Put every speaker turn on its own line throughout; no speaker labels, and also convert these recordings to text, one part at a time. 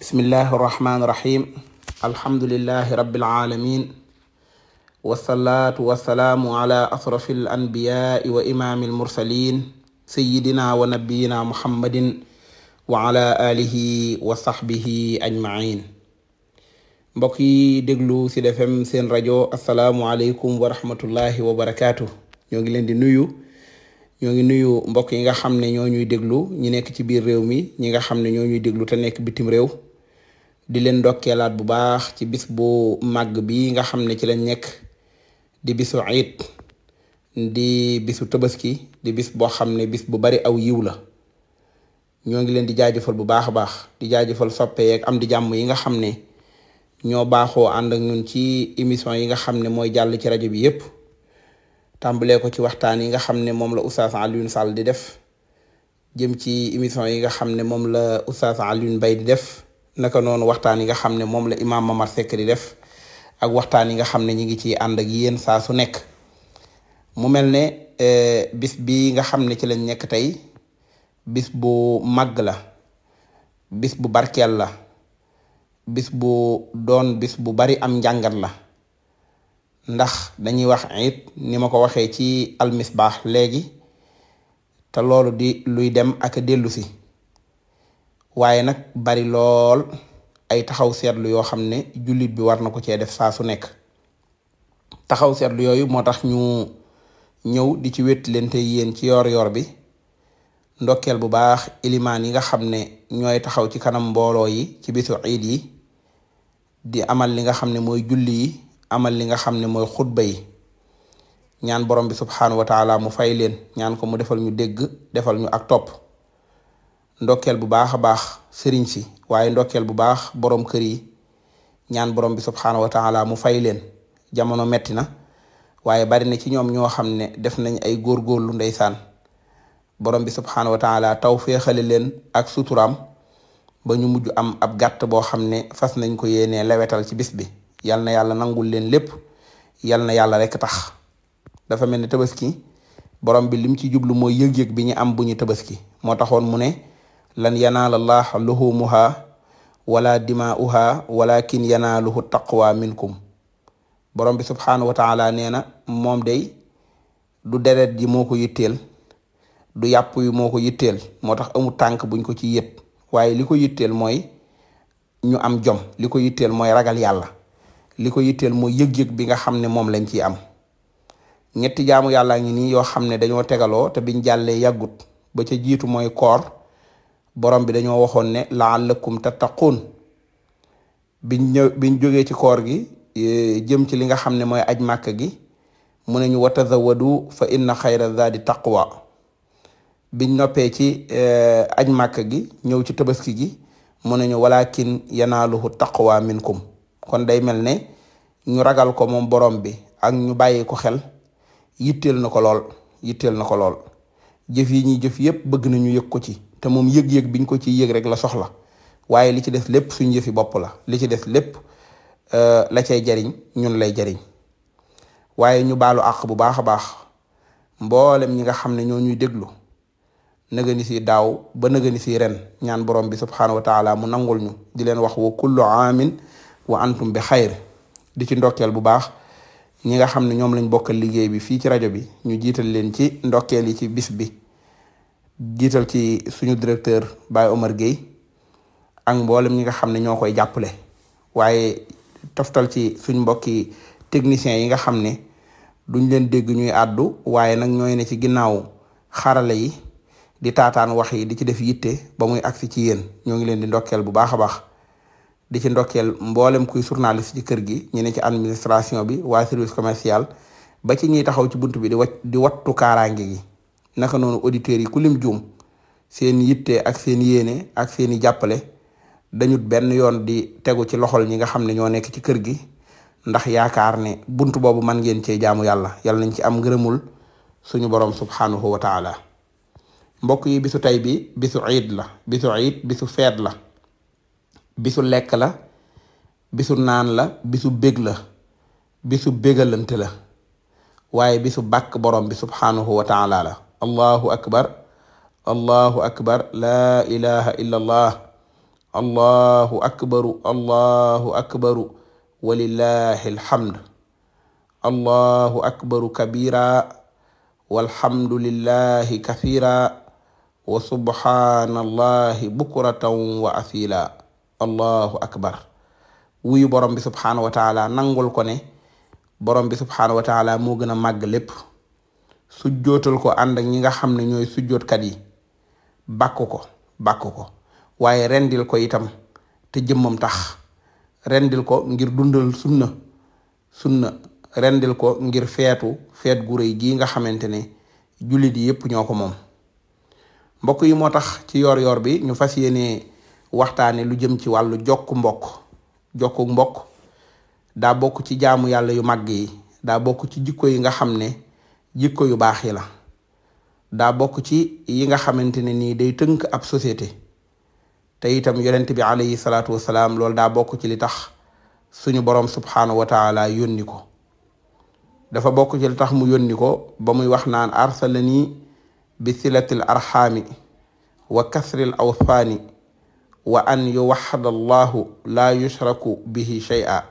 bismillahi irrahmani irrahim alhamdulilahi rabilalamin wasalaatu wasalaamu ala asrafi alanbiyaai wa imaami almursalin sayidina wa nabiyina muhammadin wa ala wa saxbihi ajmain mbokk yi déglu Sud FM seen rajo asalaamualeykum wa rahmatullahi wa barakaatu ñoo ngi leen di nuyu ñoo ngi nuyu mbokk yi nga xam ne ñoo ñuy déglu ñi nekk ci biir réew mi ñi nga xam ne ñoo déglu te nekk bitim réew di leen ndokkeelaat bu baax ci bis bu màgg bi nga xam ne ci lañ nekk di bisu iid di bisu tabaski di bis boo xam ne bis bu bari aw yiw la ñoo ngi leen di jaajëfal bu baax a baax di jaajëfal soppe yeek am di jàmm yi nga xam ne ñoo baaxoo ànd ak ñun ci émission yi nga xam ne mooy jàll ci rajo bi yépp tàmbalee ko ci waxtaan yi nga xam ne moom la Oustaz Alioune Sall di def jëm ci émission yi nga xam ne moom la Oustaz Alioune mbay di def naka noonu waxtaan yi nga xam ne moom la imaam Mamar Seck di def ak waxtaan yi nga xam ne ñu ngi ci ànd ak yéen saa su nekk mu mel ne eh, bis bi nga xam ne ci lañ nekk tey bis bu màgg la bis bu barkeel la bis bu doon bis bu bari am njàngat la ndax dañuy wax it ni ma ko waxee ci almisbaax léegi te loolu di luy dem ak dellu si waaye nag bari lool ay taxaw seetlu yoo xam ne jullit bi war na ko cee def saa su nekk taxaw seetlu yooyu moo tax ñu ñëw di ci wétti leen te yéen ci yoor yoor bi ndokkeel bu baax ilimaan yi nga xam ne ñooy taxaw ci kanam mbooloo yi ci bisu iid yi di amal li nga xam ne mooy julli yi amal li nga xam ne mooy xutba yi ñaan borom bi subxanahu wa taala mu fay leen ñaan ko mu defal ñu dégg defal ñu ak topp. ndokkeel bu baax a baax sëriñ si waaye ndokkeel bu baax borom kër yi ñaan borom bi subxanahu wa taala mu fay leen jamono metti na waaye bari na ci ñoom ñoo xam ne def nañ ay góorgóorlu ndeysaan borom bi subxanahu wa taala taw féexale leen ak suturaam ba ñu mujj am ab gàtt boo xam ne fas nañ ko yéenee lewetal ci bis bi yal na yàlla nangul leen lépp yal na yàlla rek tax dafa mel ne tabaski borom bi lim ci jublu mooy yëg-yëg bi ñu am bu ñu tabaski moo taxoon mu ne. lan yanaala llaaha luhumuhaa wala dimaa'uhaa walakin yanaaluhu taqwa minkum borom bi subhaanahu wa taala nee na moom day du deret ji moo ko yitteel du yàpp yi moo yitteel moo tax amu tànk buñ ko ci yët waaye li ko yitteel mooy ñu am jom li ko yitteel mooy ragal yàlla li ko yitteel mooy yëg-yëg bi nga xam ne moom lañ ciy am ñetti jaamu yàllaa ngi nii yoo xam ne dañoo tegaloo te biñ jàllee yàggut ba ca jiitu mooy koor borom bi dañoo waxoon ne laallakum tattaquun biñ ñëw biñ jógee ci koor gi e, jëm ci li nga xam ne mooy aj màkk gi mu ne ñu watazawadu fa inna xayra zaadi taqwa biñ noppee ci e, aj màkk gi ñëw ci tabaski gi mu ne ñu walakin yanaaluhu taqwa minkum kon day mel ne ñu ragal ko moom borom bi ak ñu bàyyi ko xel yitteel na ko lool yitteel na ko lool jëf yi ñuy jëf yépp bëgg nañu yëg ko ci te moom yëg-yëg biñ ko ci yëg rek la soxla waaye li ci des lépp suñ yëfi bopp la li ci des lépp euh, la cay jariñ ñun lay jariñ waaye ñu baalu àq bu baax a baax mboolem ñi nga xam ne ñoo ñuy déglu nëgëni si daaw ba nëgëni si ren ñaan borom bi subxanahu wa mu nangul ñu di leen wax wa kullu aamin wa antum bi xayr di ci ndokkeel bu baax ñi nga xam ne ñoom lañ bokkal liggéey bi fii ci rajo bi ñu jiital leen ci ndokkeel yi ci bis bi. jiital ci suñu directeur Baye Omar Gueye ak mboolem ñi nga xam ne ñoo koy jàppale waaye toftal ci suñ mbokki techniciens yi nga xam ne duñ leen dégg ñuy àddu waaye nag ñooy ne ci ginnaaw xarala yi di taataan wax yi di ci def yitte ba muy agsi ci yéen ñoo ngi leen di ndokkeel bu baax a baax di ci ndokkeel mboolem kuy journaliste ci kër gi ñu ne ci administration bi waa service commercial ba ci ñiy taxaw ci bunt bi di wat di wattu kaaraange gi naka noonu auditeurs yi ku lim seen yitte ak seen yéene ak seen i jàppale dañut benn yoon di tegu ci loxol ñi nga xam ne ñoo nekk ci kër gi ndax yaakaar ne bunt boobu man ngeen cee jaamu yàlla yàlla nañ ci am ngërëmul suñu borom subhanahu wa taala mbokk yi bisu tey bi bisu iid la bisu iid bisu feet la bisu lekk la bisu naan la bisu bég la bisu bégalante la waaye bisu bàkk borom bi subhanahu wa taala la allahu akbar allahu akbar laa ilaha illa allahu akbaru allahu akbaru walillahi allahu akbaru kabira walhamdulillahi kathira wa subhanallahi bukratan allahu akbar wuyu borom bi subhanahu wa taala nangul ko ne borom bi subhanahu wa taala moo gën a màgg lépp sujjootal ko àndak ñi nga xam ne ñooy sujjootkat yi bàkk ko bàkk ko waaye rendil ko itam te jëmmam tax rendil ko ngir dundal sunna sunna rendil ko ngir feetu feet gu rëy gii nga xamante ne jullit yi yépp ñoo ko moom mbokk yi moo tax ci yoor yoor bi ñu fas yéene waxtaane lu jëm ci wàllu jokk mbokk jokku mbokk daa bokk ci jaamu yàlla yu màgg yi daa bokk ci jikko yi nga xam ne jikko yu baax yi la daa bokk ci yi nga xamante ni nii day tënk ab société te itam yonent bi alayhi salaatu wasalaam loolu daa bokk ci li tax suñu borom subhaanahu wa taala ko dafa bokk ci li tax mu yónni ko ba muy wax naan arsalani bi silatil arxaami wa kasril awsaani wa an yuwaxada allahu laa yushraku bihi shay'a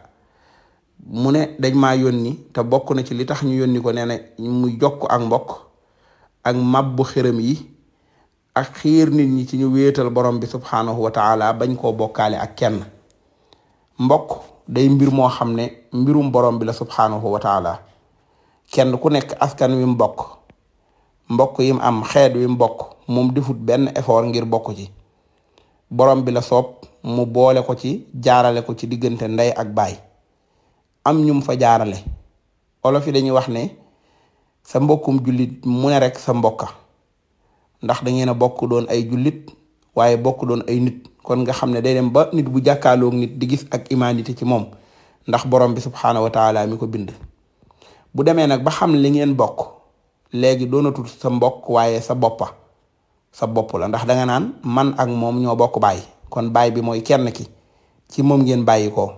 mu ne dañ maa yónni te bokk na ci li tax ñu yónni ko nee na mu jokk ak mbokk ak mabbu xërëm yi ak xiir nit ñi ci ñu wéetal borom bi subhaanahu wa taala bañ koo bokkaale ak kenn mbokk day mbir moo xam ne mbirum borom bi la subhaanahu wa taala kenn ku nekk askan wi bokk mbokk yim am xeet wi mbokk moom defut benn effort ngir bokku ci borom bi la soob mu boole ko ci jaarale ko ci diggante ndey ak baay am ñum fa jaarale olof yi dañuy wax ne sa mbokkum jullit mu ne rek sa mbokka ndax da ngeen a bokk doon ay jullit waaye bokk doon ay nit kon nga xam ne day dem ba nit bu jàkkaarloog nit di gis ak humanité ci moom ndax borom bi subxanahu wa taala mi ko bind. bu demee nag ba xam li ngeen bokk léegi doonatul sa mbokk waaye sa boppa sa bopp la ndax danga naan man ak moom ñoo bokk baay kon baay bi mooy kenn ki ci moom ngeen bàyyi ko.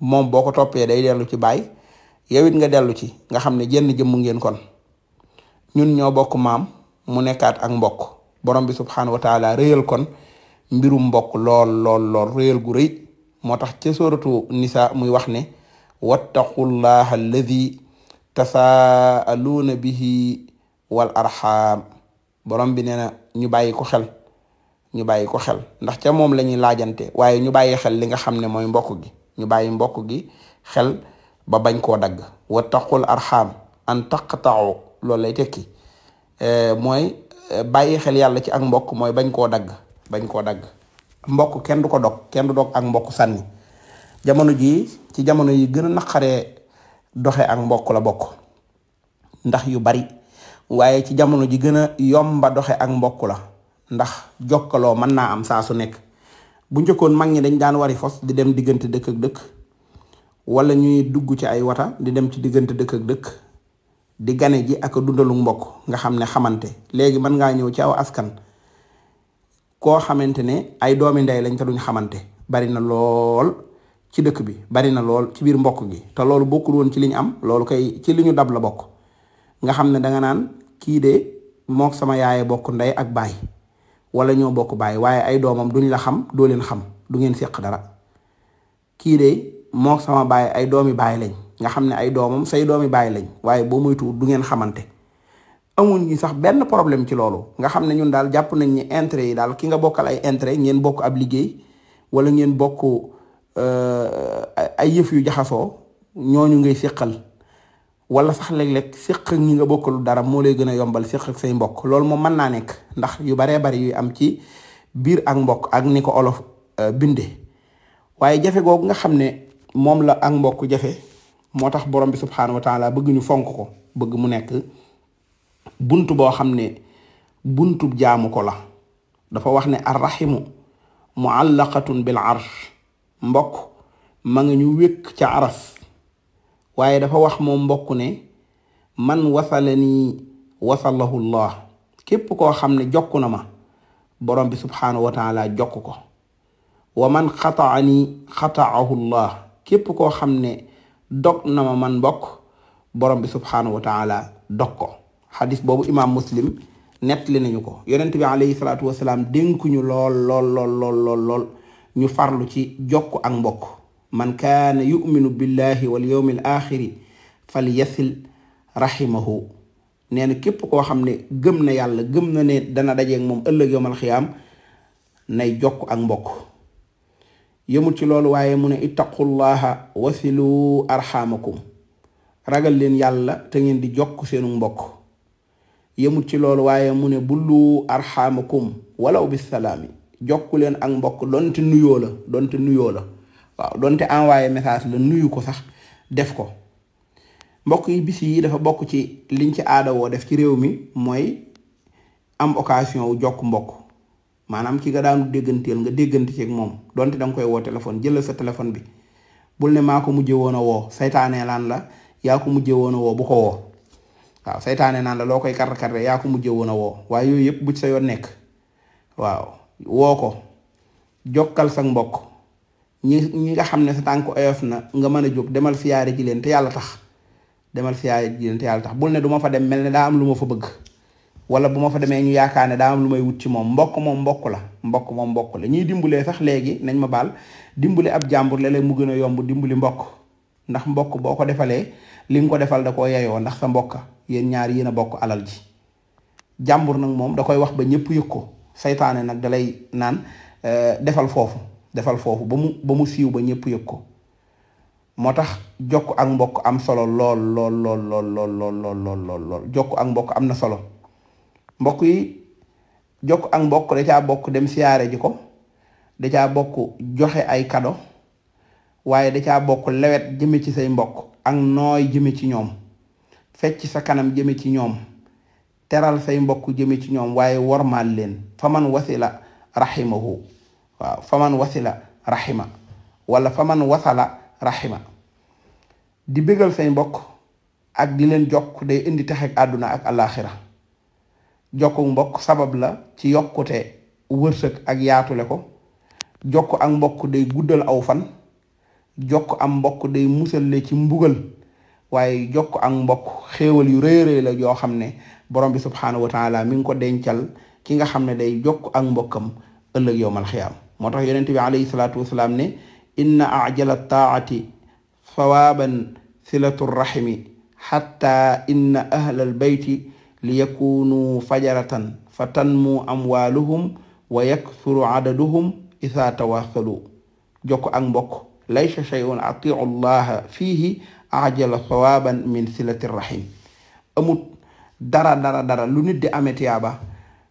moom boo ko toppee day dellu ci baay yow it nga dellu ci nga xam ne jenn jëmmu ngeen kon ñun ñoo bokk maam mu nekkaat ak mbokk borom bi subxanahu wa taala réyal kon mbirum mbokk lool lool lool réyal gu rëy moo tax ca sóoratu nisa muy wax ne wattaqullaha alladi tasaaluuna bihi wal arxaam borom bi nee na ñu bàyyi ko xel ñu bàyyi ko xel ndax ca moom la ñuy laajante waaye ñu bàyyi xel li nga xam ne mooy mbokku gi ñu bàyyi mbokk gi xel ba bañ koo dagg wa taqul arxaam an taqtaaw loolu lay tekki eh, mooy eh, bàyyi xel yàlla ci ak mbokk mooy bañ koo dagg bañ koo dagg mbokk kenn du ko dog kenn du dog ak mbokk sànni jamono jii ci jamono yi gën a naqaree doxe ak mbokk la bokk ndax yu bari waaye ci jamono ji gën a yomba doxe ak mbokk la ndax jokkaloo mën naa am saa su nekk bu njëkkoon mag ñi dañ daan wari fos di dem diggante dëkk dëkk wala ñuy dugg ci ay wata di dem ci diggante dëkk ak dëkk di gane gi ak dundalu mbokk nga xam ne xamante léegi mën ngaa ñëw ci aw askan koo xamante ne ay doomi ndey lañ te duñ xamante bari na lool ci dëkk bi bari na lool ci biir mbokk gi te loolu bokkul woon ci li ñu am loolu kay ci li ñu dab la bokk nga xam ne danga naan kii de mook sama yaaye bokk ndey ak baay wala ñoo bokk bàyyi waaye ay doomam duñ la xam doo leen xam du ngeen seq dara kii de moo sama bàyyi ay doomi bàyyi lañ nga xam ne ay doomam say doomi bàyyi lañ waaye boo moytuwul du ngeen xamante amuñ ñu sax benn problème ci loolu nga xam ne ñun daal jàpp nañ ni intérêt yi daal ki nga bokkal ay intérêt ngeen bokk ab liggéey wala ngeen bokk euh, ay yëf yu jaxasoo ñooñu ngay seqal wala sax léeg-léeg séq ak ñi nga bokkalu dara moo lay gën a yombal séq ak say mbokk loolu moo mën naa nekk ndax yu baree bari yuy am ci biir ak mbokk ak ni ko olof euh, binde waaye jafe googu nga xam ne moom la ak mbokk jafe moo tax borom bi subxanahu wa taala bëgg ñu fonk ko bëgg mu nekk bunt boo xam ne buntu jaamu ko la dafa wax ne araximu mu muallaqatun bil arsh mbokk ma nga ñu wékk ca aras waaye dafa wax moom mbokk ne man wasala nii wasalahu llah képp koo xam ne jokk na ma borom bi subhaanahu wa taala jokk ko wa man xataa nii xataahu llah képp koo xam ne dog na ma man mbokk borom bi subhaanahu wa taala dog ko xadis boobu imaam muslim nettali nañu ko yonent bi alayhi salaatu wasalaam dénkuñu lool lool lool ñu farlu ci jokk ak mbokk man kaana yuminu billahi wal yawmil axiri fal yasil rahimahu nee na képp koo xam ne gëm na yàlla gëm na ne dana dajeeg moom ëllëg yowmal xiyaam nay jokk ak mbokk yëmul ci loolu waaye mu ne ittaqullaha wasilu arxamakum ragal leen yàlla te ngeen di jokk seenu mbokk yëmul ci loolu waaye mu ne bullu arxamakum walaw bisalaami jokku leen ak mbokk donte nuyoo la donte nuyoo la waaw donte envoyé message la nuyu ko sax def ko mbokk yi bisi yi dafa bokk ci liñ ci aada woo def ci réew mi mooy am occasion wu jokk mbokk maanaam ki nga daanu dégganteel nga déggante ci moom donte danga koy woo téléphone jëlal sa téléphone bi bul ne maa ko mujjee woon a woo saytaane naan la yaa ko mujjee woon a woo bu ko woo waaw saytaane naan la loo koy kar kar yaa ko mujjee woona a woo waaye yooyu yëpp bu ci sa yoon nekk waaw woo ko jokkal sa mbokk. ñi ñi nga xam ne sa tànk oyof na nga mën a jóg demal siyaare ji leen te yàlla tax demal siyaare ji yàlla tax bul ne du ma fa dem mel ne daa am lu ma fa bëgg wala bu ma fa demee ñu yaakaar ne daa am lu may wut ci moom mbokk moom mbokk la mbokk moom mbokk la ñuy dimbalee sax léegi nañ ma baal dimbali ab jàmbur léeg-léeg mu gën a yomb dimbali mbokk ndax mbokk boo ko defalee li nga ko defal da koo yeyoo ndax sa mbokk yéen ñaar yéen a bokk alal ji jàmbur nag moom da koy wax ba ñëpp yëg ko saytaane nag dalay naan euh, defal foofu defal foofu ba mu ba mu siiw ba ñëpp yëg ko moo tax jokk ak mbokk am solo lool lool lool lool jokk ak mbokk am na solo mbokk yi jokk ak mbokk da caa bokk dem siyaare ji ko da caa bokk joxe ay kado waaye da caa bokk lewet jëme ci say mbokk ak nooy jëme ci ñoom fecc sa kanam jëme ci ñoom teral say mbokk jëme ci ñoom waaye wormaal leen faman wasila rahimahu waaw faman wasila rahima wala faman wasala rahima di bégal say mbokk ak di leen jokk day indi texeg àdduna ak àllaaxira jokku mbokk sabab la ci yokkute wërsëg ak yaatule ko jokk ak mbokk day guddal aw fan jokk am mbokk day ci mbugal waaye jokk ak mbokk xéewal yu rëy rëy la yoo xam ne borom bi subxanahu wa taala mi ngi ko dencal ki nga xam ne day jokk ak mbokkam ëllëg yowmal xiyaam moo tax yonent bi alayhi salaatu wasalaam ne inna ajala taati sawaaban silatu rahimi xatta inna ahlal bayti li yakunu fajaratan fa tanmu amwaaluhum wa yaksuru adaduhum isaa tawassalu jokk ak mbokk laysa shay'un atiu llaha fiihi ajala sawaaban min silati rahim amut dara dara dara lu nit di amee tiyaaba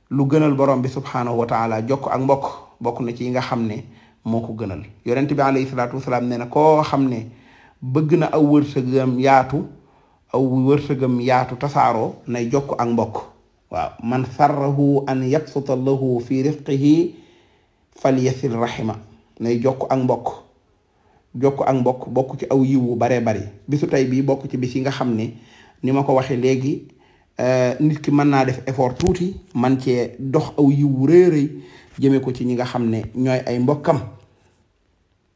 lu gënal borom bi subhaanahu wa jokk ak mbokk bokk na ci yi nga xam ne moo ko gënal yonent bi alayhi salaatu wasalaam nee na koo xam ne bëgg na aw wërsëgam yaatu aw wërsëgam yaatu tasaaroo nay jokk ak mbokk waaw man sarrahu an yabsuta lahu fi risqihi falyasil rahima nay jokk ak mbokk jokk ak mbokk bokk ci aw yiwu baree bari bisu tey bi bokk ci bis yi nga xam ne ni ma ko waxee léegi Euh, nit ki mën naa def effort tuuti man cee dox aw yiw wu rëy rëy jëme ko ci ñi nga xam ne ñooy ay mbokkam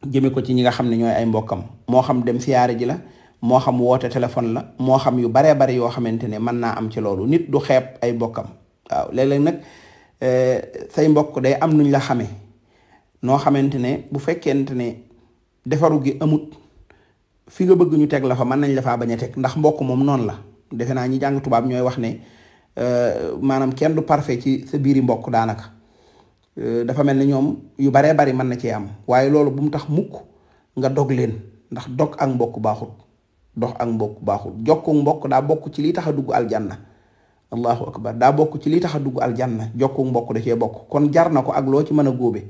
jëme ko ci ñi nga xam ne ñooy ay mbokkam moo xam dem siyaare ji la moo xam woote téléphone la moo xam yu baree bari yoo xamante ne mën naa am ci loolu nit du xeeb ay mbokkam waaw léeg-léeg nag euh, mbokk day am nuñ la xamee noo xamante ne bu fekkente ne defaru gi amut fi nga bëgg ñu teg la fa mën nañ la faa bañ a teg ndax mbokk moom noonu la defe naa ñi jàng tubaab ñooy wax ne euh, maanaam kenn du parfait ci sa biiri mbokk daanaka euh, dafa mel ne ñoom yu baree bari mën na cee am waaye loolu bu mu tax mukk nga dog leen ndax dog ak mbokk baaxut dox ak mbokk baaxut jokku mbokk daa bokk ci lii tax a dugg aljanna allahu akbar daa bokk ci lii tax a dugg aljanna jokku mbokk da cee bokk kon jar na ko ak loo ci mën a góobe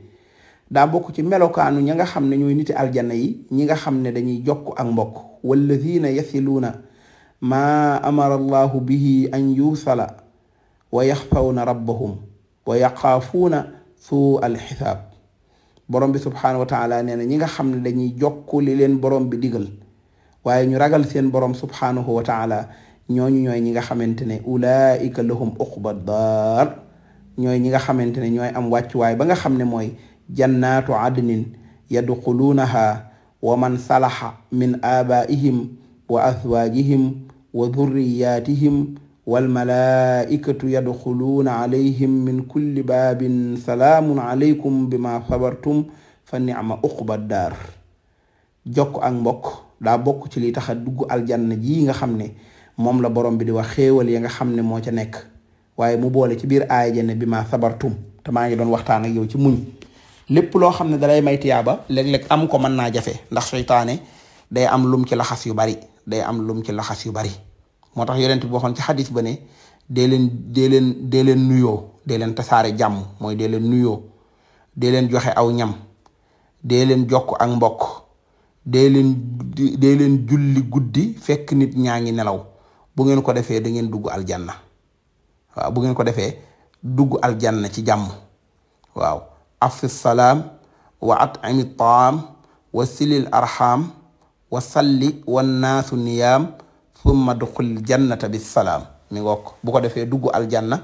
daa bokk ci melokaanu ña nga xam ne ñooy niti aljana yi ñi nga xam ne dañuy jokk ak mbokk walladina yasiluuna maa amara allahu bihi an yuusala wa yaxfawna rabbahum wa yaxaafuuna suu alxisaab borom bi subxanahu wa taala nee na ñi nga xam ne dañuy jokku li leen borom bi digal waaye ñu ragal seen borom subxanahu wa taala ñooñu ñooy ñi nga xamante ne ulaika lahum uqba daar ñooy ñi nga xamante ne ñooy am wàccuwaay ba nga xam ne mooy jannaatu adnin yadxuluunaha wa man salaxa min aabaihim wa azwaajihim wa durriyatihim walmalaikatu yadxuluuna alayhim min kulli baabin salaamun alaykum bima sabartum fa nicma uqba daar jokk ak mbokk daa bokk ci li tax a dugg aljanna jii nga xam ne moom la borom bi di wax xéewal ya nga xam ne moo ca nekk waaye mu boole ci biir aaya ja ne bima sabartum te maa ngi doon waxtaan ak yow ci muñ lépp loo xam ne dalay may tiyaaba léeg-léeg am ko mën naa jafe ndax seytaane day am lum ci laxas yu bari day am lum ci laxas yu bari moo tax yonent bi waxoon ci xadis ba ne dee leen dee leen dee leen nuyoo dee leen tasaare jàmm mooy dee leen nuyoo dee leen joxe aw ñam dee leen jokk ak mbokk dee leen dee leen julli guddi fekk nit ñaa ngi nelaw bu ngeen ko defee da ngeen dugg aljanna waaw bu ngeen ko defee dugg aljanna ci jàmm waaw afi salaam wa at ami taam wa silil arxam wa salli wannaasu niyaam summa duxul jannata bi salaam mi ngokk bu ko defee dugg aljanna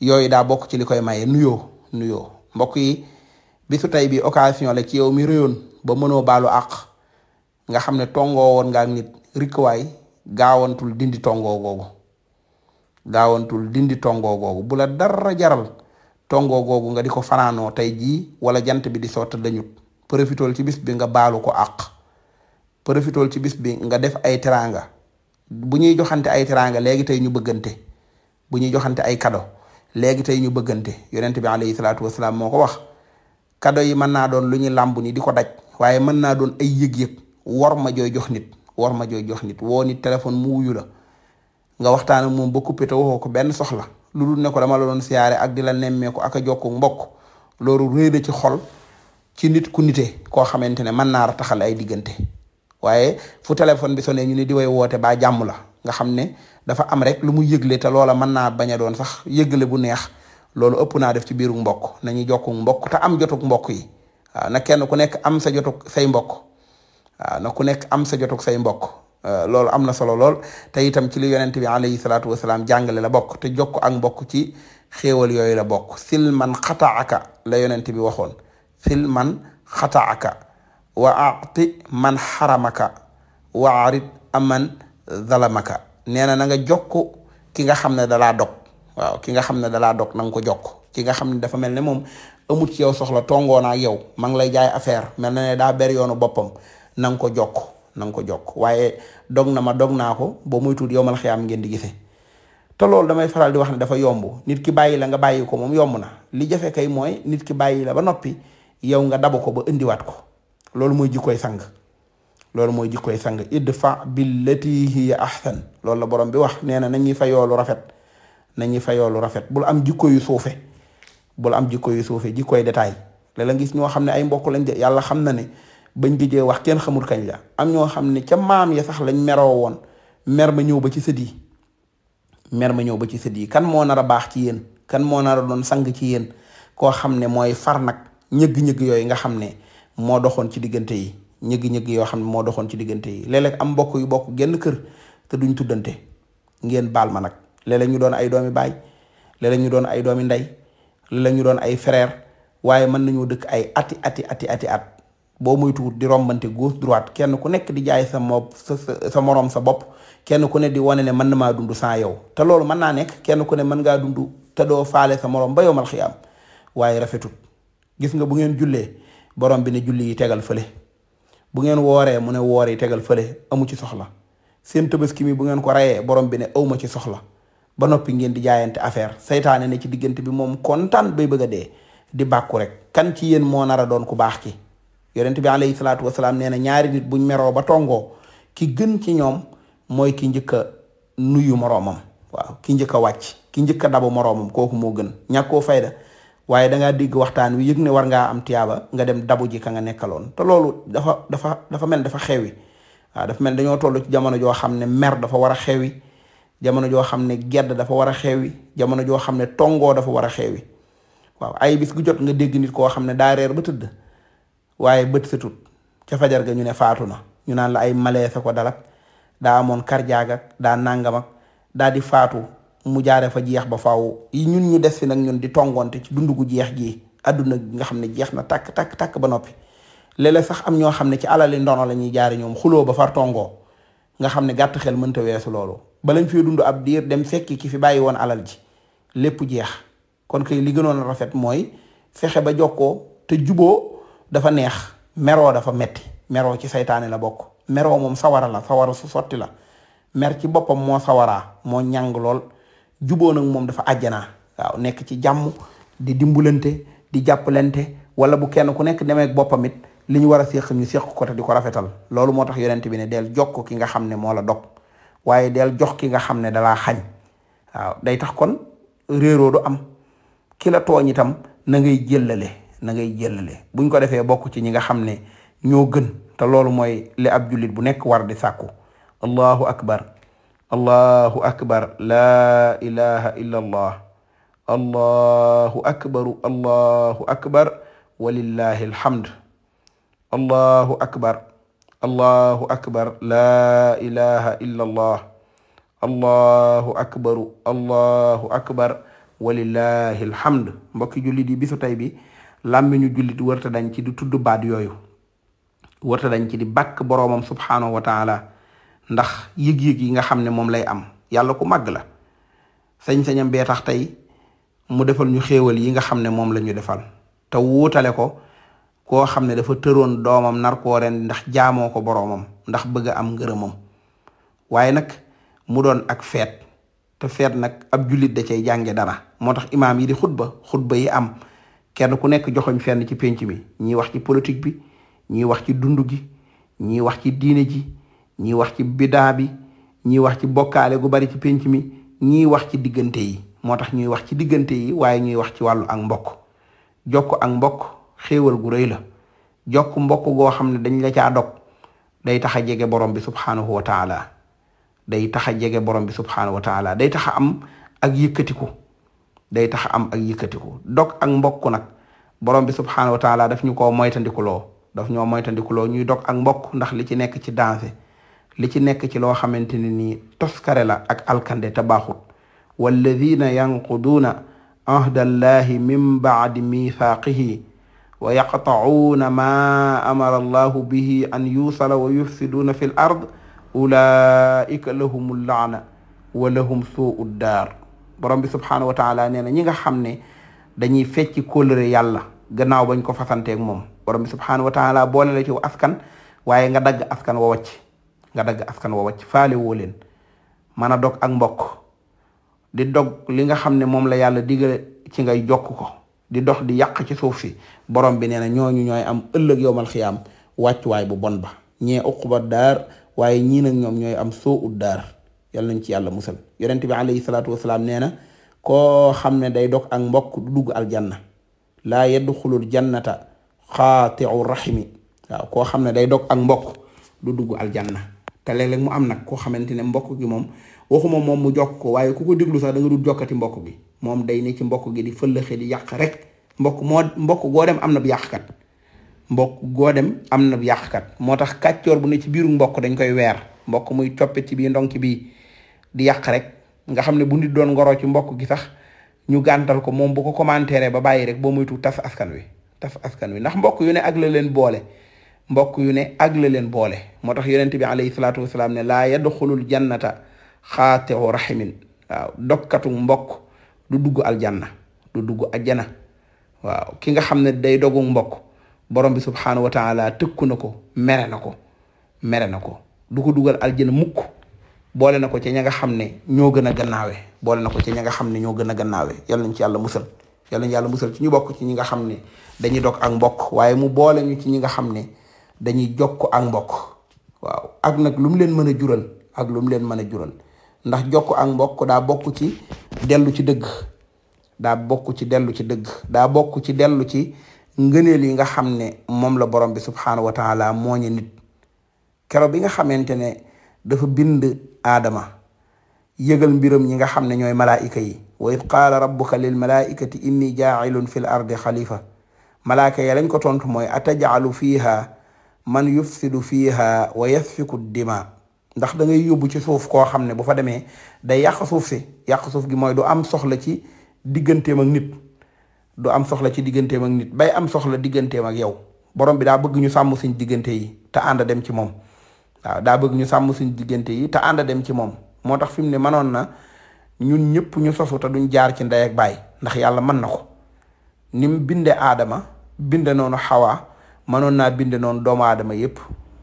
yooyu daa bokk ci li koy maye nuyoo nuyoo mbokk yi bisu tey bi occasion la ci yow mi réyoon ba mënoo baalu àq nga xam ne tongoo woon nga ak nit rikkuwaay gaawantul dindi tongoo googu gaawantul dindi tongoo googu bu la dara jaral tongoo googu nga di ko fanaanoo tey jii wala jant bi di soo tëddañut profitool ci bis bi nga baalu ko àq profitool ci bis bi nga def ay teraanga bu ñuy joxante ay teraanga léegi tey ñu bëggante bu ñuy joxante ay kado léegi tey ñu bëggante yonent bi alayhi salaatu wasalaam moo ko wax kado yi mën naa doon lu ñuy làmb ni di ko daj waaye mën naa doon ay yëg-yëg war ma jooy jox nit war ma jooy jox nit woo nit téléphone mu wuyu la nga waxtaan moom ba coupé te ko benn soxla lu dul ne ko dama la doon siyaare ak di la nemmeeku ak a jokku mbokk loolu da ci xol ci nit ku nite koo xamante ne mën naa rataxal ay diggante waaye fu téléphone bi sonné ñu ni di way woote baa jàmm la nga xam ne dafa am rek lu mu yëgle te loola mën naa bañ a doon sax yëgle bu neex loolu ëpp naa def ci biiru mbokk nañu jokku mbokk te am jotug mbokk yi na kenn ku nekk am sa say mbokk waaw na ku nekk am sa jotug say mbokk euh, loolu am na solo lool te itam ci li yonent bi alayhi salaatu wasalaam jàngale la bokk te jokk ak mbokk ci xéewal yooyu la bokk sil man xataaka la yonent bi waxoon sil man xata xataaka waa a'ti man xaramaka wa arid aman zalamaka nee na na nga jokk ki nga xam ne dalaa dog waaw ki nga xam ne dalaa dog na nga ko jokk ki nga xam ne dafa mel ne moom amut ci yow soxla tongoona ak yow ma ngi lay jaay affaire mel na ne daa ber yoonu boppam na ko jokk na ko jokk waaye dog na ma dog naa ko ba muy tuut yowmal xiyaam ngeen di gisee te loolu damay faral di wax ne dafa yomb nit ki bàyyi la nga bàyyi ko moom yomb na li jafe kay mooy nit ki bàyyi la ba noppi yow nga daba ko ba indiwaat ko loolu mooy jikkoy sang loolu mooy jikkoy sang idfa billati hiya ahsan loolu la boroom bi wax nee na nañuy fa yoolu rafet nañuy fa yoolu rafet bul am jikko yu suufe bul am jikko yu suufe jikkoy détail la la gis ñoo xam ne ay mbokk lañ de yàlla xam na ne bañ gijee wax kenn xamul kañ la am ñoo xam ne ca maam ya sax lañ meroo woon mer ma ñëw ba ci sëddi yi mer ma ñëw ba ci sët yi kan moo nar a baax ci yéen kan moo nar a doon sang ci yéen koo xam ne mooy far nag ñëgg-ñëgg yooyu nga xam ne moo doxoon ci diggante yi ñëgg-ñëgg yoo xam ne moo doxoon ci diggante yi léeg-léeg am mbokk yu bokk genn kër te duñ tuddante ngeen baal ma nag léeg ñu doon ay doomi baay léeg-léeg ñu doon ay doomi ndey léeg-léeg ñu doon ay frère waaye mën nañoo dëkk ay ati ati ati ati at boo moytuwut di rombante gauche droite kenn ku nekk di jaay sa mo sa sa moroom sa bopp kenn ku ne di wane ne mën na maa dund saa yow te loolu mën naa nekk kenn ku ne mën ngaa dund te doo faale sa moroom ba yow mal xiyaam waaye rafetut gis nga bu ngeen jullee borom bi ne julli yi tegal fële bu ngeen wooree mu ne woor tegal fële amu ci soxla seen tabaski mii bu ngeen ko reyee borom bi ne awma ci soxla ba noppi ngeen di jaayante affaire seytaane ne ci diggante bi moom kontaan bay bëgga dee di bàkku rek kan ci yéen moo nar doon ku baax ki yonent bi alayhi salaatu wasalaam nee na ñaari nit buñ meroo ba tongoo ki gën ci ñoom mooy ki njëkk a nuyu moroomam waaw ki njëkk a wàcc ki njëkk dabu moroomam kooku moo gën ñàkkoo fayda waaye dangaa dégg waxtaan wi yëg ne war ngaa am tiyaaba nga dem dabu ji nga nekkaloon te loolu dafa dafa dafa mel dafa xewi waaw dafa mel dañoo toll ci jamono joo xam ne mer dafa war a xewi jamono joo xam ne gedd dafa war a xewi jamono joo xam ne tongoo dafa war a xewwi waaw ay bis gu jot nga dégg nit koo xam ne daa reer ba tëdd waaye bët setut ca fajar ga ñu ne faatu na ñu naan la ay malaise ko dalak daa amoon cardiaque ak daa nàngam ak daa di faatu mu jaare fa jeex ba faaw yi ñun ñu des fi nag ñun di tongoonte ci dund gu jeex gi adduna gi nga xam ne jeex na tàkk tàkk tàkk ba noppi léeg sax am ñoo xam ne ci alali ndono la ñuy jaare ñoom xuloo ba far tongoo nga xam ne gàtt xel mënta weesu loolu bala ñu fee dund ab diir dem fekki ki fi bàyyi woon alal ji lépp jeex kon kay li gënoon rafet mooy fexe ba jokkoo te juboo dafa neex meroo dafa metti meroo ci saytaane la bokk meroo moom sawara la sawara su sotti la mer ci boppam moo sawaraa moo ñàng lool juboo nag moom dafa àjjanaa waaw nekk ci jàmm di dimbulante di jàppalante wala bu kenn ku nekk demee ak boppam it li ñu war a séq ñu séq ko te ko rafetal loolu moo tax yonent bi ne del jokk ki nga xam ne moo la dog waaye del jox ki nga xam ne dalaa xañ waaw day tax kon réeroo du am ki la tooñ itam na ngay jëllale na ngay jëllale buñ ko defee bokk ci ñi nga xam ne ñoo gën te loolu mooy li ab jullit bu nekk war di sàkku allahu akbar allahu akbar laa ilaha illa allah allahu akbaru allahu akbar walillahi alhamd allahu akbar allahu akbar laa ilaha illa allah allahu akbaru allahu akbar walillahi alhamd mbokki jullit yi bisu tey bi làmmiñu jullit warta dañ ci di tudd baat yooyu warta dañ ci di bàkk boroomam subhaanahu wa taala ndax yëg-yëg yi nga xam ne moom lay am yàlla ku màgg la sañ-sañam bee tax tey mu defal ñu xéewal yi nga xam ne moom la ñu defal te wuutale ko koo xam ne dafa tëroon doomam nar koo ren ndax jaamoo ko boroomam ndax bëgg a am moom waaye nag mu doon ak feet te feet nag ab jullit da cay jànge dara moo tax imaam yi di xutba xutba yi am kenn ku nekk joxoñ fenn ci pénc mi ñii wax ci politique bi ñii wax ci dundu gi ñii wax ci diine ji ñii wax ci bidaa bi ñii wax ci bokkaale gu bari ci pénc mi ñii wax ci diggante yi moo tax ñuy wax ci diggante yi waaye ñuy wax ci wàllu ak mbokk jokk ak mbokk xéewal gu rëy la jokku mbokk goo xam ne dañ la caa dog day tax a jege borom bi subhaanahu wa taala day tax a jege borom bi subhaanahu wa taala day tax a am ak yëkkatiku day tax am ak yëkkatiku dog ak mbokk nag borom bi subhaanahu wa taala daf ñu koo moytandikuloo daf ñoo moytandikuloo ñuy dog ak mbokk ndax li ci nekk ci dansé li ci nekk ci loo xamante ne nii toskare la ak alkande te baaxut walladina yanquduuna ahda allahi min baadi mithaqihi wa yaqta'uuna ma amara allahu bihi an yuusala wa yufsiduuna fi l ard ulaika lahum llaana wa lahum suu daar borom bi subhaanahu wa taala nee na ñi nga xam ne dañuy fecci kóllëre yàlla gannaaw bañ ko fasanteeg moom borom bi subhaanahu wa taala boole la ci askan waaye nga dagg askan wa wacc nga dagg askan wa wàcc faale woo leen mën a dog ak mbokk di dog li nga xam ne moom la yàlla digale ci ngay jokk ko di dox di yàq ci suuf si borom bi nee na ñooñu ñooy am ëllëg yowmal xiyaam wàccuwaay bu bon ba ñee uquba daar waaye ñii nag ñoom ñooy am soo ut daar nañ ci yàlla musal yonent bi alayhi salaatu wasalaam nee na koo xam ne day dog ak mbokk du dugg aljanna laa yadxulul jannata xaatiu rahimi koo xam ne day dog ak mbokk du dugg aljanna te léeg-léeg mu am nag koo xamante ne mbokk gi moom waxuma moom mu jokk ko waaye ku ko déglu sax da nga dul jokkati mbokk gi moom day ni ci mbokk gi di fëllëxe di yàq rek mbokk moo mbokk goo dem am na yàqkat mbokk goo dem am na bu yàqkat moo tax kàccoor bu ne ci biiru mbokk dañ koy weer mbokk muy coppit ci bii ndonki bii di yàq rek nga xam ne bu nit doon ngoroo ci mbokk gi sax ñu gàntal ko moom bu ko commentaire ba bàyyi rek boo moytu tas askan wi tas askan wi ndax mbokk yu ne ak la leen boole mbokk yu ne ak la leen boole moo tax yonent bi alayhi salaatu wasalaam ne laa yadxulul jannata xaatiu rahimin waaw dokkatu mbokk du dugg al aljanna du dugg ajjana waaw ki nga xam ne day dogu mbokk borom bi subhaanahu wa taala tëkku na ko mere na ko mere na ko du ko dugal aljana mukk boole na ko ci ña nga xam ne ñoo gën a gannaawe boole na ko ci ña nga xam ne ñoo gën a gannaawe yal nañ ci yàlla musal yal nañ yàlla musal ci ñu bokk ci ñi nga xam ne dañuy dog ak mbokk waaye mu boole ñu ci ñi nga xam ne dañuy jokk ak mbokk waaw ak nag lu leen mën a jural ak lu leen mën a jural ndax jokk ak mbokk daa bokk ci dellu ci dëgg daa bokk ci dellu ci dëgg daa bokk ci dellu ci ngëneel yi nga xam ne moom la borom bi subhaanahu wa taala nit keroo bi nga xamante ne dafa bind aadama yëgal mbiram ñi nga xam ne ñooy malaayika yi wa id qaala rabbuka lil malaikati inni jaacilun fi l ardi xalifa malaaka ya lañ ko tontu mooy atajaalu fiiha man yufsidu fiha wa yasfiku dima ndax dangay yóbbu ci suuf koo xam ne bu fa demee day yàq suuf si yàq suuf gi mooy du am soxla ci diggante ak nit du am soxla ci digganteem ak nit bay am soxla digganteem ak yow borom bi daa bëgg ñu sàmm suñ diggante yi te ànd dem ci moom waaw daa bëgg ñu sàmm suñ diggante yi te ànd dem ci moom moo tax fi mu ne mënoon na ñun ñëpp ñu sosu te duñ jaar ci ndey ak baay ndax yàlla mën na ko ni mu binde aadama binde noonu xawaa mënoon naa bind noonu doomu aadama yépp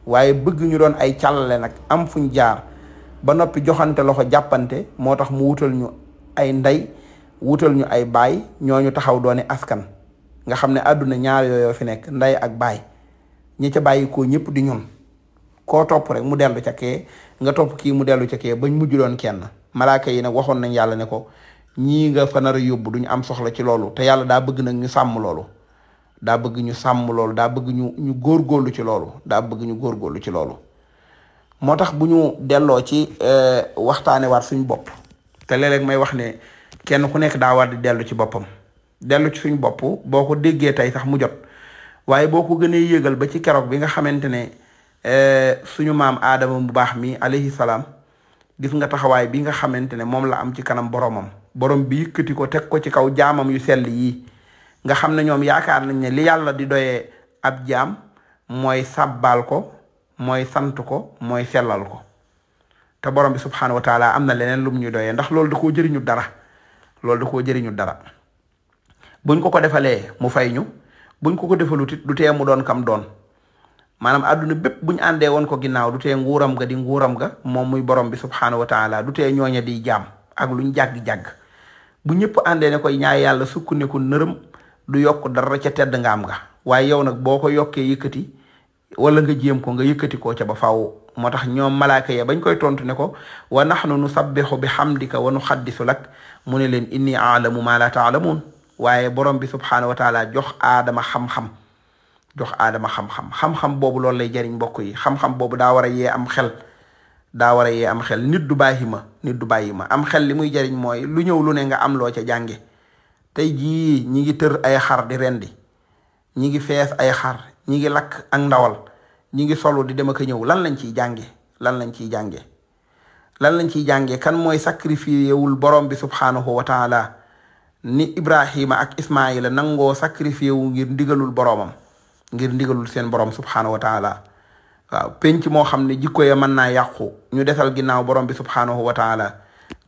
waaye bëgg ñu doon ay càllale nag am fuñ jaar ba noppi joxante loxo jàppante moo tax mu wutal ñu ay nday wutal ñu ay baay ñooñu taxaw doone askan nga xam ne àdduna ñaar fi nekk ndey ak baay ñi ca bàyyi koo ñëpp di ñun koo topp rek mu dellu ca ke nga topp kii mu dellu ca ke bañ mujj doon kenn malaaka yi nag waxoon nañ yàlla ne ko ñii nga fa nar a yóbbu duñu am soxla ci loolu te yàlla daa bëgg nag ñu sàmm loolu daa bëgg ñu sàmm loolu daa bëgg ñu ñu góorgóorlu ci loolu daa bëgg ñu góorgóorlu ci loolu moo tax bu ñu delloo ci eh, waxtaane waat suñu bopp te léeg-léeg may wax ne kenn ku nekk daa war di dellu ci boppam dellu ci suñu bopp boo ko déggee tey sax mu jot waaye boo ko gënee yëgal ba ci keroog bi nga xamante ne eh, suñu maam aadama bu baax mi alayhi salaam gis nga taxawaay bi nga xamante ne moom la am ci kanam boromam borom bi yëkkati ko teg ko ci kaw jaamam yu sell yii nga xam ne ñoom yaakaar nañ ne li yàlla di doyee ab jaam mooy sàbbaal ko mooy sant ko mooy sellal ko te borom bi subxanahu wa taala am na leneen lum ñu doyee ndax loolu da koo jëriñu dara loolu da koo jëriñu dara buñ ko ko defalee mu fay ñu buñ ko ko defalut it du tee mu doon kam doon maanaam àdduna bépp buñ àndee woon ko ginnaaw du tee nguuram ga di nguuram ga moom muy borom bi subxanahu wa taala du tee ñooña di jaam ak luñ jàgg jàgg bu ñëpp àndee ne koy ñaay yàlla sukkandiku nërëm. du yokk dara ca tedd nga am nga waaye yow nag boo ko yokkee yëkkati wala nga jéem ko nga yëkkati koo ca ba faaw moo tax ñoom malaaka ya bañ koy tontu ne ko wa nax nahnu nusabbihu bi hamdika wa nuxaddisu lak mu ne leen inni aalamu maa la taalamuun waaye borom bi subhaanahu wa taala jox aadama xam-xam jox aadama xam-xam xam-xam boobu loolu lay jariñ mbokk yi xam-xam boobu daa war a yee am xel daa war a yee am xel nit du bàyyi ma nit du bàyyi ma am xel li muy jariñ mooy lu ñëw lu ne nga am loo ca jànge tey jii ñi ngi tër ay xar di rendi ñi ngi fees ay xar ñi ngi lakk ak ndawal ñi ngi solu di dem ak ñëw lan lañ ciy jànge lan lañ ciy jànge lan lañ ciy jànge kan mooy sacrifié wul borom bi subhaanahu wa taala ni Ibrahima ak Ismaayila nangoo sacrifié wu ngir ndigalul boromam ngir ndigalul seen borom subhaanahu wa penc moo xam ne jikko ya mën naa yàqu ñu desal ginnaaw borom bi subhaanahu wa taala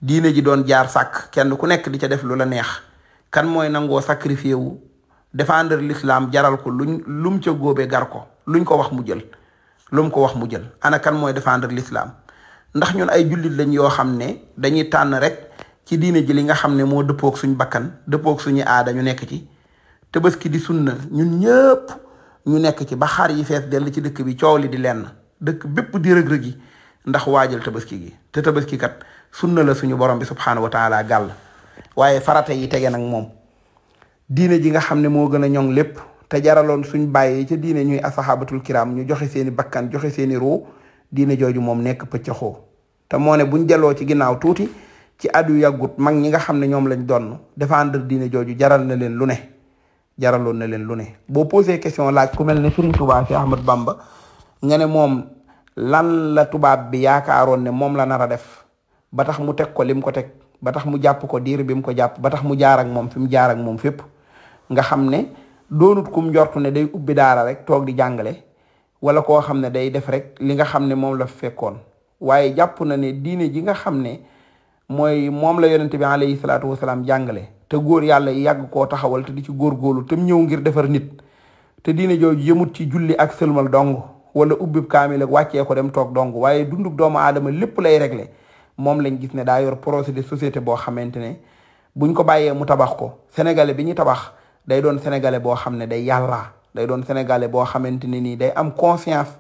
diine ji doon jaar sàkk kenn ku nekk di ca def lu la neex. kan mooy nangoo sacrifié wu défendre lislaam jaral ko luñ lum ca góobee gar ko luñ ko wax mu jël lum ko wax mu jël ana kan mooy défendre l'islam ndax ñun ay jullit lañ yoo xam ne dañuy tànn rek ci diine ji li nga xam ne moo dëppoog suñ bakkan dëppoog suñu aada ñu nekk ci tabaski di sunna ñun ñëpp ñu nekk ci ba xar yi fees dell ci dëkk bi coow li di lenn dëkk bépp di rëg-rëg yi ndax waajal tabaski gi te tabaski kat sunna la suñu borom bi subxanahu wa taala gàll. waaye farata yi tege nag moom diine ji nga xam ne moo gën a ñoŋ lépp te jaraloon suñ bàyyee ca diine ñuy asaxaabatul kiram ñu joxe seeni bakkan joxe seeni ru diine jooju moom nekk pëccëxoo te moone bu buñ jaloo ci ginnaaw tuuti ci at yu yàggut mag ñi nga xam ne ñoom lañ doon défendre diine jooju jaral na leen lu ne jaraloon na leen lu ne boo posé question laaj ku mel ne Serigne Touba Cheikh Ahmad Bamba nga ne moom lan la tubaab bi yaakaaroon ne moom la nar a def ba tax mu teg ko lim ko teg ba tax mu jàpp ko diir bi mu ko jàpp ba tax mu jaar moom fi mu moom fépp nga xam ne doonut kum njortu ne day ubbi daara rek toog di jàngale wala koo xam ne day def rek li nga xam ne moom la fekkoon waaye jàpp na ne diine ji nga xam ne mooy moom la yonente bi alayhi salaatu wasalaam jàngale te góor yàlla yàgg koo taxawal te di ci góorgóorlu te mu ñëw ngir defar nit te diine jooju yëmut ci julli ak sëlmal dong wala ubbi kaamil le wàccee ko dem toog dong waaye dundub doomu aadama lépp lay réglé moom lañ gis ne daa yor projet de société boo xamante ne buñ ko bàyyee mu tabax ko sénégalais bi ñu tabax day doon sénégalais boo xam ne day yàlla day doon sénégalais boo xamante ne nii day am conscience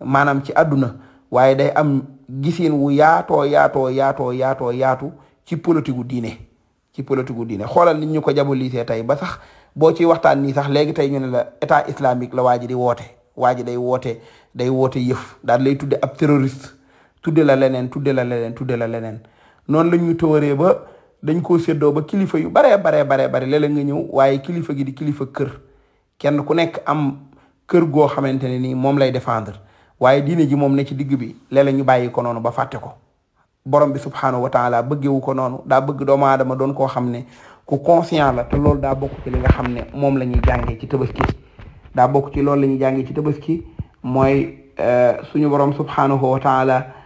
maanaam ci àdduna waaye day am gisin wu yaatoo yaatoo yaatoo yaatoo yaatu ci politique gu diine ci politique gu diine xoolal nit ñu ko jabolisee tey ba sax boo ci waxtaan nii sax léegi tey ñu ne la état islamique la waa ji di woote waa ji day woote day woote yëf daal lay tudde ab terroriste tudde la leneen tudde la leneen tudde la leneen noonu la ñuy tëwaree ba dañ koo séddoo ba kilifa yu baree baree baree bare léeg-léeg nga ñëw waaye kilifa gi di kilifa kër kenn ku nekk am kër goo xamante ne nii moom lay défendre waaye diine ji moom ne ci digg bi léeg ñu bàyyi ko noonu ba fàtte ko borom bi subhanahu wa taala bëggewu ko noonu daa bëgg doomu aadama doon koo xam ne ku conscient la te loolu daa bokk ci li nga xam ne moom la ñuy jàngee ci tabaski daa bokk ci loolu la ñuy jàngee ci tabaski mooy euh, suñu borom subhanahu wa taala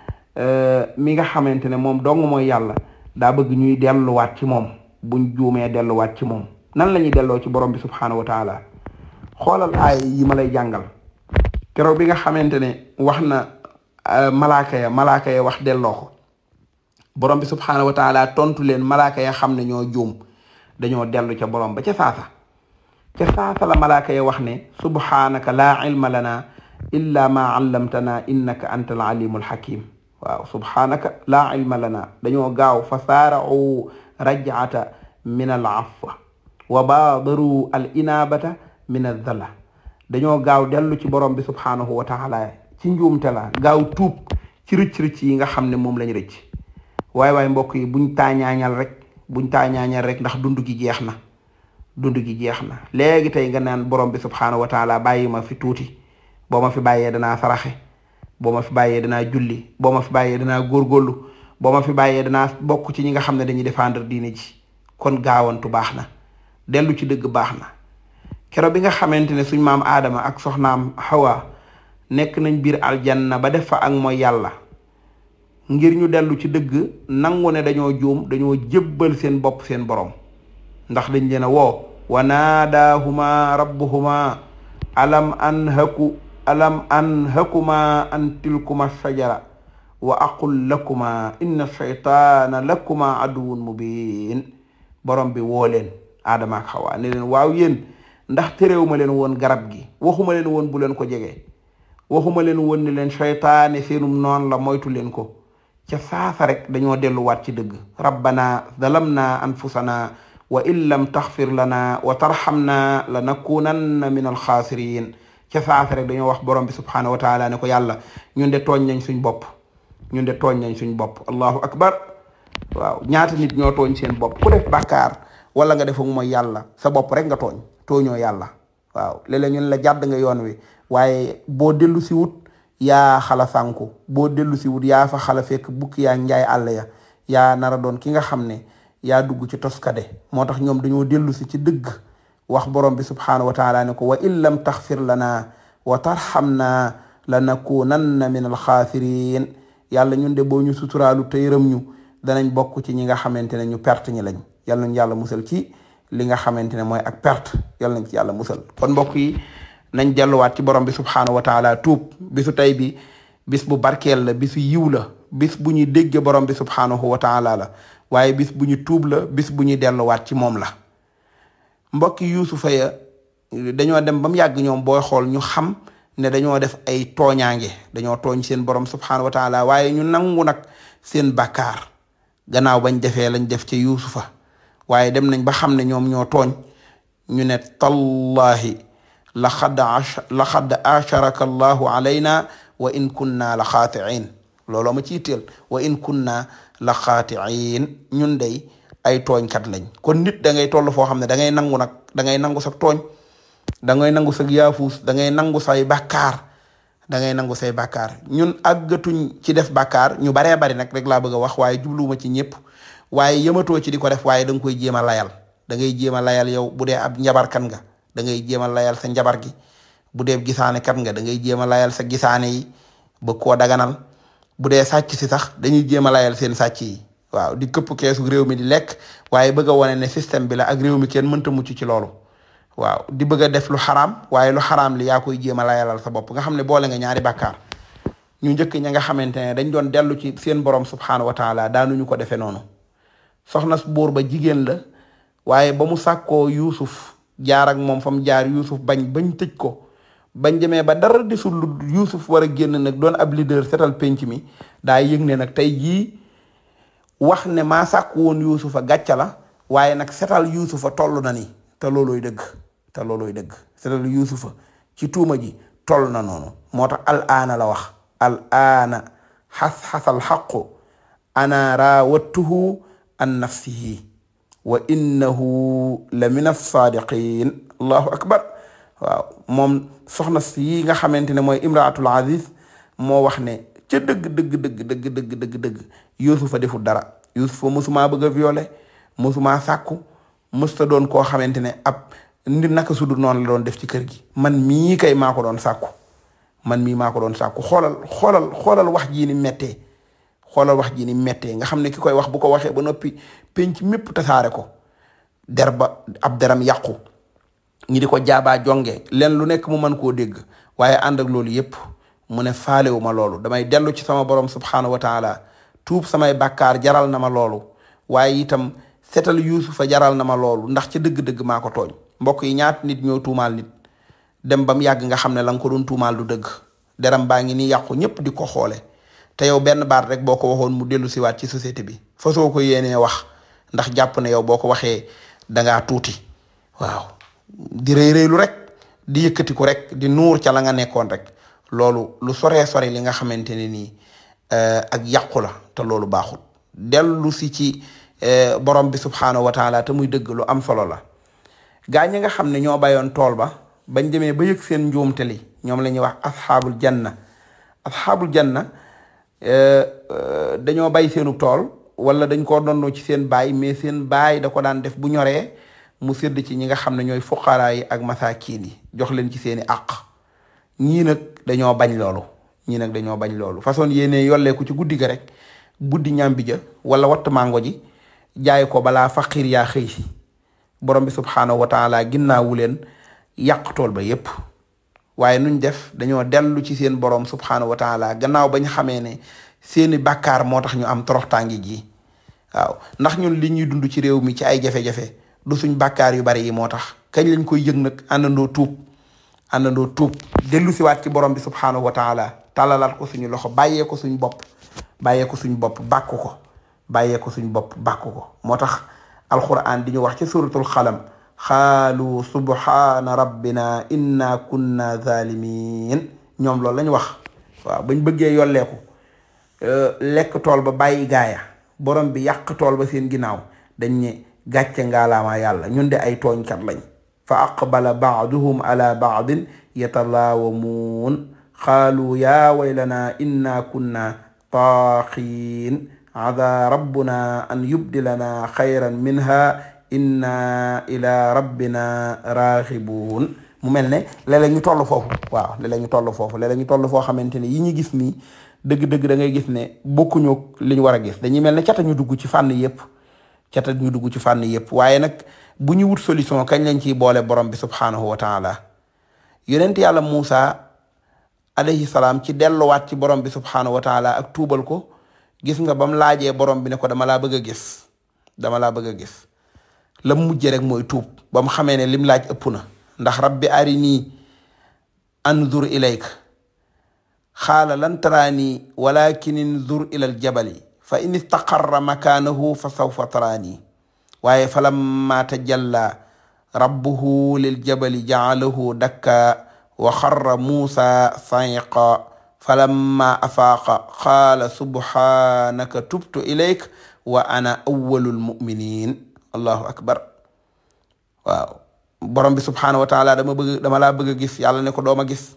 mi nga xamante ne moom dong mooy yàlla daa bëgg ñuy delluwaat ci moom buñ juumee delluwaat ci moom nan la ñuy delloo ci borom bi subhaanahu wa taala xoolal aay yi lay jàngal keroog bi nga xamante ne wax na euh, malaaka malaaka wax delloo borom bi subhaanahu wa taala tontu leen malaaka ya xam ne ñoo juum dañoo dellu ca borom ba ca saasa ca saasa la malaaka wax ne subhaanaka laa ilma la illa ma allamtana innaka anta al alimul hakim waaw subhaanaka laa ilma lana dañoo gaaw fa saarau rajata min al afwa wa baadaru al inaabata min al dañoo gaaw dellu ci borom bi subhaanahu wa ci njuumte la gaaw tuub ci rëcc yi nga xam ne moom lañ rëcc waaye way mbokk yi buñ taañaañal rek buñ taañaañal rek ndax dund gi jeex na dund gi jeex na léegi tey nga naan borom bi subhaanahu wa bàyyi ma fi tuuti boo ma fi bàyyee danaa saraxe boo ma fi bàyyee danaa julli boo ma fi bàyyee danaa góorgóorlu boo ma fi bàyyee danaa bokk ci ñi nga xam ne dañuy défendre diine ji kon gaawantu baax na dellu ci dëgg baax na kero bi nga xamante ne suñ maam aadama ak soxnaam xawa nekk nañ biir aljanna ba def fa ak mooy yàlla ngir ñu dellu ci dëgg nangu ne dañoo juum dañoo jébbal seen bopp seen borom ndax dañ leen a woo wa naadaahuma rabbuhuma alam anhaku alam anhakuma an tilkuma shajara wa aqul lakuma inna shaytaana lakuma aduwun mubin borom bi woo leen aadama ak xawaa ne leen waaw yéen ndax terewuma leen woon garab gi waxuma leen woon bu leen ko jege waxuma leen woon ne leen shaytaane seenum noon la moytu leen ko ca saasa rek dañoo delluwaat ci dëgg rabbana zalamna anfusana wa in lam taxfir lana wa tarxamna lanakunanna min alxaasirin ca saas rek dañoo wax borom bi subhanahu wa taala ne ko yàlla ñun de tooñ nañ suñ bopp ñun de tooñ nañ suñ bopp allahu akbar waaw ñaata ñoo tooñ seen bopp ku def bàkkaar wala nga defu mooy yàlla sa bopp rek nga tooñ tooñoo yàlla waaw léeg ñun la jàdd nga yoon wi waaye boo dellu si wut yaa xala sànku boo dellu siwut yaa fa xala fekk bukki yaa njaay àll ya yaa nara doon ki nga xam ne yaa dugg ci toskade moo tax ñoom dañoo dellu si ci dëgg wax borom bi subhaanahu wa taala ne ko wa in lam taxfir lana wa tarxamna lanakunanna min alxaasiriin yàlla ñun de boo ñu suturaalu te yërëm ñu danañ bokk ci ñi nga xamante ne ñu perte ñi lañ yàlla nañ yàlla musal ci li nga xamante ne mooy ak perte yàlla nañ ci yàlla musal kon mbokk yi nañ delluwaat ci borom bi subhaanahu wa taala tuub bisu tey bi bis bu barkeel la bisu yiw la bis bu ñuy dégge borom bi subhaanahu wa taala la waaye bis bu ñu tuub la bis bu ñuy delluwaat ci moom la mbokki yuusufa ya dañoo dem ba mu yàgg ñoom booy xool ñu xam ne dañoo def ay tooñaange dañoo tooñ seen borom subhaanahu wa waaye ñu nangu nag seen bàkkaar gannaaw bañ defee lañ def ca yuusufa waaye dem nañ ba xam ne ñoom ñoo tooñ ñu ne tallaahi laqad laqad asharaka allahu alayna wa in kunna la xaatiin looloo ma ciiteel wa in kunna la xaatiin ñun day ay tooñkat lañ kon nit da ngay toll foo xam ne da ngay nangu nag da ngay nangu sa tooñ da ngay nangu sa yaafuus da ngay nangu say bàkkaar dangay nangu say bàkkaar ñun àggatuñ ci def bàkkaar ñu baree bari nag rek laa bëgg a wax waaye jubluma ci ñëpp waaye yëmatoo ci di ko def waaye da nga koy jéem a layal da ngay layal yow bu dee ab njabarkan nga da ngay jéem a layal sa njabar gi bu dee gisaane kat nga da ngay jéem a layal sa gisaane yi ba koo daganal bu dee sàcc si sax dañuy jéem a layal seen sàcc yi waaw di këpp keesu réew mi di lekk waaye bëgg a ne système bi la ak réew mi kenn mënta mucc ci loolu waaw di bëgga def lu xaraam waaye lu xaraam li yaa koy jéema la layalal sa bopp nga xam ne boole nga ñaari bàkkaar ñu njëkk ña nga xamante ne dañ doon dellu ci seen borom subhaanahu wa taala daanuñu ko defee noonu soxna buur ba jigéen la waaye ba mu sàkkoo yuusuf jaar ak moom fa mu jaar yuusuf bañ bañ tëj ko bañ demee ba dara desul lu yuusuf war a génn nag doon ab leader setal penc mi daa yëg jii wax ne maa sàkk woon yuusufa gàcca la waaye nag setal yuusufa toll na ni te loolooy dëgg te loolooy dëgg setal yusufa ci tuuma ji toll na noonu moo tax aana la wax al aana xas-xasal xaqu ana raawattuhu an nafsihi wa innahu la min allahu akbar waaw soxna si yi nga xamante ne mooy imraatul aziz moo wax ne ca dëgg dëgg dëgg dëgg dëgg fa deful dara yusufa mosumaa bëgg a violé mosumaa sàkku mosta doon koo xamante ne ab ndi naka su dul noonu la doon def ci kër gi man mii kay maa ko doon sàkku man mii maa ko doon sàkku xoolal xoolal xoolal wax jii ni méttee xoolal wax jii ni méttee nga xam ne ki koy wax bu ko waxee ba noppi penc mépp tasaare ko der ba ab deram yàqu ngi di ko jaabaa jonge leen lu nekk mu mën koo dégg waaye ànd loolu yëpp mu ne faalewu ma loolu damay dellu ci sama borom subhaanahu wa taala tuub samay bàkkaar jaral na ma loolu waaye itam setal yuusufa jaral na ma loolu ndax ci dëgg-dëgg maa ko tooñ mbokk yi ñaata nit ñoo tuumaal nit dem ba mu yàgg nga xam ne la nga ko doon tuumaal du dëgg deram baa ngi nii yàqu ñépp di ko xoole te yow benn baat rek boo ko waxoon mu dellu siwaat ci société bi fa soo ko yéenee wax ndax jàpp na yow boo ko waxee dangaa tuuti waaw di rëy rëylu rek di yëkkatiku rek di nuur ca la nga nekkoon rek loolu lu soree sore li nga xamante ne nii euh, ak yàqu la te loolu baaxul dellu si ci euh, borom bi subhaanahu wa taala muy dëgg lu am solo la gaa ñi nga xam ne ñoo bayoon tool ba bañ demee ba yëg seen njuumte li ñoom la ñuy wax asxaabul janna asxaabul janna euh, dañoo bay seenu tool wala dañ koo donnoo ci seen baay mais seen baay da ko daan def bu ñoree mu sedd ci ñi nga xam ne ñooy fuqaraa yi ak masaakiin yi jox leen ci seeni àq ñii nag dañoo bañ loolu ñi nag dañoo bañ loolu façon yéene yolleeku ci guddi ga rek buddi ñambi ja wala watt mango ji jaay ko balaa faqir yaa xëy borom bi subxanahu wa taala ginnaawu leen yàq tool ba yépp waaye nuñ def dañoo dellu ci seen borom subxanahu wa taala gannaaw bañ xamee ne seeni bàkkaar moo tax ñu am toroxtaange ji waaw ndax ñun li ñuy dund ci réew mi ci ay jafe-jafe du suñ bàkkaar yu bari yi moo tax kañ lañ koy yëg nag àndandoo tuub àndandoo tuub. dellu siwaat ci borom bi subhaanahu wa taala tàllalaat ko suñu loxo bàyyee ko suñu bopp bàyyee ko suñu bopp bàkku ko bàyyee ko suñu bopp bàkku ko moo tax alquran di ñu wax ci suratul xalam xaalu subhaana rabbina inna kunna zalimin ñoom loolu lañ wax waaw bañ bëggee yolleeku euh, lekk tool ba bàyyi gaaya borom bi yàq tool ba seen ginnaaw dañ ne gàcce ngaalaamaa yàlla ñun de ay tooñkat lañ fa aqbala baaduhum ala baadin yatalaawamuun qaalu yaa waylanaa inna kunna taaxiin adaa rabbuna an yubdilanaa xayran minha inna ila rabbina raaxibuun mu mel ne léeg-léeg ñu toll foofu waaw léeg-léeg ñu toll foofu léeg-léeg ñu toll foo xamante ne yi ñu gis nii dëgg-dëgg dangay gis ne bokkuñu li ñu war a gis dañuy mel ne cata ñu dugg ci fànn yëpp cata ñu dugg ci fànn yëpp waaye nag bu ñu wut solution kañ lañ ciy boole borom bi subhaanahu wa taala yonent yàlla Muusa alayhi salaam ci delluwaat ci borom bi subxanahu wa ak tuubal ko gis nga ba mu laajee borom bi ne ko dama laa bëgg a gis dama laa bëgg a gis la mu rek mooy tuub ba mu xamee ne lim laaj ëpp na ndax rabbi arini anzur ilayka xaala lan taraani walakin inzur ilal jabali fa in istaqarra makaanahu fa sawfa taraani waaye falamma tajalla rabbuhu liljabali jaalahu dakka wa xarra muusa sayqa falamma afaaqa qaala subhaanaka tubtu ilayk wa ana awwalul mu'minin allahu akbar waaw borom bi subhaanahu wa taala dama bëgg laa bëgg a gis yàlla ne ko dooma gis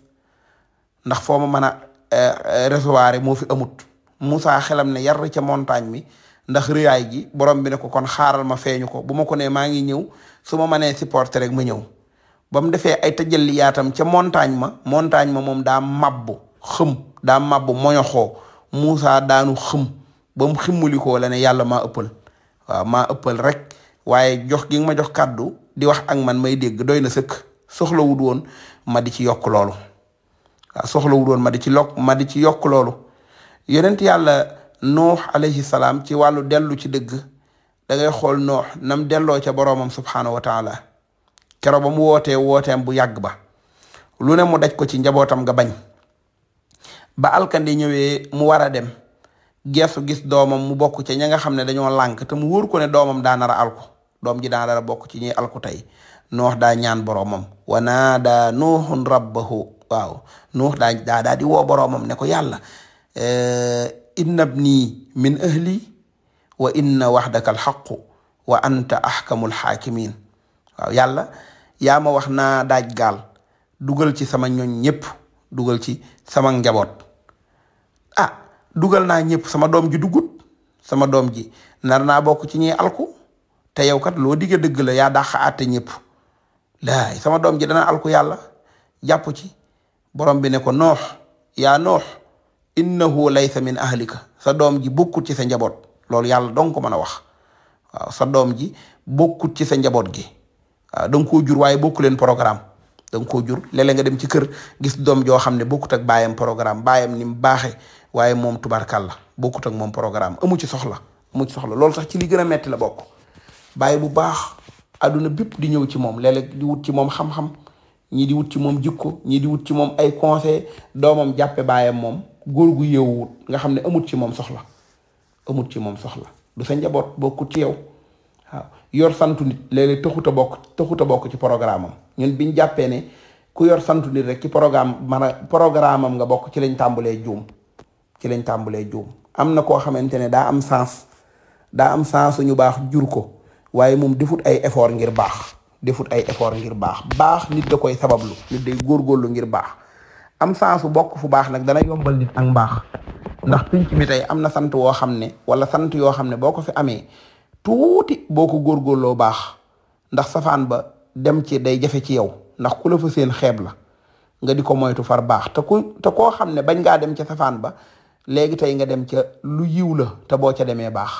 ndax foo ma mën a eh, eh, recevoir moo fi amut Moussa xelam ne yar ca montagne mi ndax rëyaay gi borom bi ne ko kon xaaral ma feeñu ko bu ma ko nee maa ngi ñëw su ma manee supporter rek ma ñëw ba mu defee ay tëjali yaatam ca montagne ma montagne ma moom daa mabbu xëm daa mabbu moñoxoo Moussa daanu xëm ba mu ximmulikoo la ne yàlla ma ëppël waaw maa ëppal rek waaye jox gi ma jox kàddu di wax ak man may dégg doy na sëkk soxlawut woon ma di ci yokk loolu waaw soxlawut ma di ci ma di ci yokk loolu yàlla nuux alayhi salaam ci wàllu dellu ci dëgg da ngay xool noox nam delloo ca boroomam subhaanahu wa taala kero ba mu wootee wooteem bu yàgg ba lu ne mu daj ko ci njabootam nga bañ ba alkandi ñëwee mu war a dem geesu gis doomam mu bokk ca ña nga xam ne dañoo lànk te mu wóor ko ne doomam daa nara a alku doom ji daa nar a bokk ci ñuy alku tey noox daa ñaan boroomam wa naada nuuhun rabbahu waw nuux da daa di woo boroomam ne ko yàlla eh, innabnii min ahli wa inna waxdaka alxaqu wa anta axkamul xaakimin waaw yàlla yaa ma wax naa daaj gaal dugal ci sama ñoñ ñépp dugal ci sama njaboot a ah, dugal naa ñépp sama doom ji duggut sama doom ji nar naa bokk ci ñuy alku te yow kat loo digge dëgg la yaa dàq àtte ñépp laay sama doom ji dana alku yàlla jàpp ci borom bi ne ko noox yaa noox innahu laysa min ahlika sa doom ji bokkut ci sa njaboot loolu yàlla dong ko mën a wax waaw sa doom ji bokkut ci sa njaboot gi waaw da jur waaye bokku leen programme da ko jur léeg nga dem ci kër gis doom joo xam ne bokkut ak baayam programme baayam ni mu baaxee waaye moom tubaarkàlla bokkut ak moom programme amu ci soxla amu soxla loolu sax ci li gën la bokk bàyyi bu baax àdduna bépp di ñëw ci moom léeg di wut ci moom xam ñii di wut ci moom jikko ñii di wut ci moom ay conseil doomam jàppe baayam moom góor gu yeewuwut nga xam ne amut ci moom soxla amut ci moom soxla du sa njaboot bokkut ci yow yor santu nit léeg-léeg taxut bokk taxut bokk ci programme am ñun bi ñu jàppee ne ku yor santu nit rek ci programme man programme am nga bokk ci lañ tàmbalee juum ci lañ tàmbalee juum am na koo xamante ne daa am sens daa am sens ñu baax jur ko waaye moom defut ay effort ngir baax defut ay effort ngir baax baax nit da koy sabablu nit day góorgóorlu ngir baax am sansu bokk fu baax nag dana yombal nit ak mbaax ndax pinc mi tey am na sant woo xam ne wala sant yoo xam ne boo ko fi amee tuuti boo ko góorgóorloo baax ndax safaan ba dem ci day jafe ci yow ndax ku la fa seen xeeb la nga di ko moytu far baax te ko te koo xam ne bañ ngaa dem ca safaan ba léegi tey nga dem ca lu yiw la te boo ca demee baax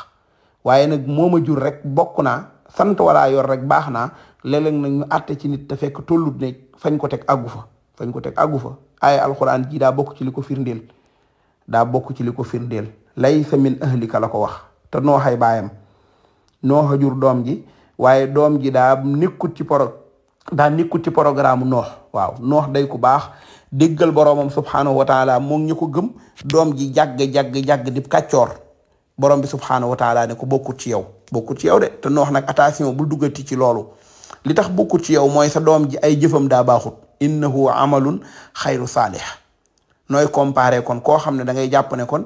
waaye nag moo ma jur rek bokk naa sant walaa yor rek baax naa léeg-léeg nag ñu àtte ci nit te fekk tollut ne fañ ko teg àggu fa fañ ko teg àggu fa ay alquran ji daa bokk ci li ko firndeel daa bokk ci li ko firndeel lay min ahlika la ko wax te nooxay baayam nooxa jur doom ji waaye doom ji daa nekkut ci pro daa nekkut ci programme noox waaw noox day ku baax déggal boromam subhanahu wa taala moom ñu ko gëm doom ji jàgg jàgg jàgg di kàccoor borom bi subhanahu wa taala ne ko bokkut ci yow bokkut ci yow de te noox nag attention bul duggati ci loolu li tax bokkut ci yow mooy sa doom ji ay jëfam daa baaxut innahu amalun xayru saalix nooy comparé kon koo xam ne da ngay jàpp ne kon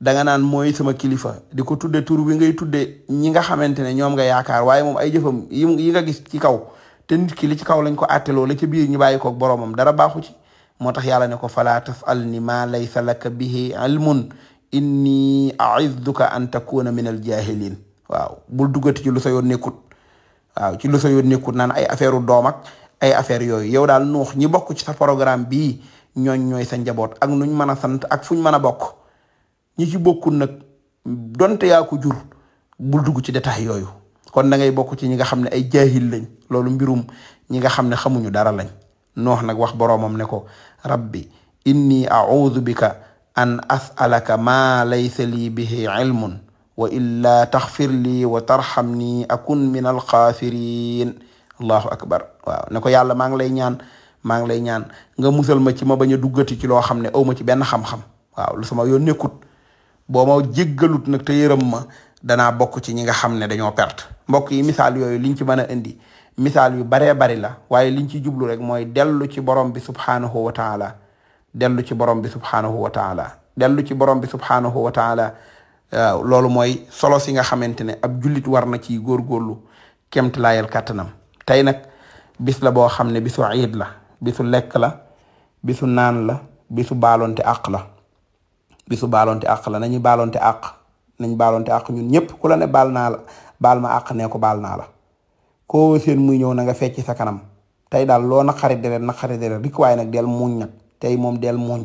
danga naan mooy sama kilifa di ko tudde tur wi ngay tudde ñi nga xamante ne ñoom nga yaakaar waaye moom ay jëfam yi nga gis ci kaw te nit ki li ci kaw lañ ko àtteloo la ci biir ñu bàyyi koog boroomam dara baaxu ci moo tax yàlla ne ko fala tasal ni ma lay laka bihi ilmun inni aizuka an takuna min al jahilin waaw bul duggati ci lu sa yoon nekkut waaw ci lu sa yoon nekkul naan ay affaire u doom ay affaire yooyu yow daal nuux ñi bokk ci sa programme bii ñooñ ñooy sa njaboot ak nuñ mën a sant ak fuñ mën a bokk ñi ci bokkul nag donte yaa ko jur bul dugg ci détail yooyu kon da ngay bokk ci ñi nga xam ne ay jaahil lañ loolu mbirum ñi nga xam ne xamuñu dara lañ nuux nag wax boroomam ne ko rabbi inni a'udhu bika an as'alaka ma laysa lii bihi ilmun wa illaa taxfir lii wa tarxam nii akun min alxaafiriin allahu akbar waaw ne ko yàlla maa ngi lay ñaan maa ngi lay ñaan nga musal ma ci ma bañ a duggati ci loo xam ne aw ma ci benn xam-xam waaw lu sama yoon nekkut boo ma jéggalut nag te yërëm ma danaa bokk ci ñi nga xam ne dañoo pert mbokk yi misaal yooyu liñ ci mën a indi misaal yu baree bari la waaye liñ ci jublu rek mooy dellu ci borom bi subhaanahu wa taala dellu ci borom bi subhaanahu dellu ci borom bi subhaanahu wa taala loolu mooy solo si nga xamante ne ab jullit war na ci góorgóorlu kemt laayal kàttanam tey nag bis la boo xam ne bisu iid la bisu lekk la bisu naan la bisu baalonte àq la bisu baalonte àq la nañu baalonte àq nañ baalonte àq ñun ñëpp ku la ne baal naa la baal ma àq nee ko baal naa la koo seen muy ñëw na nga fecc sa kanam tey daal loo naqari deret naqari deret rik waaye nag del muñ nag tey moom del muñ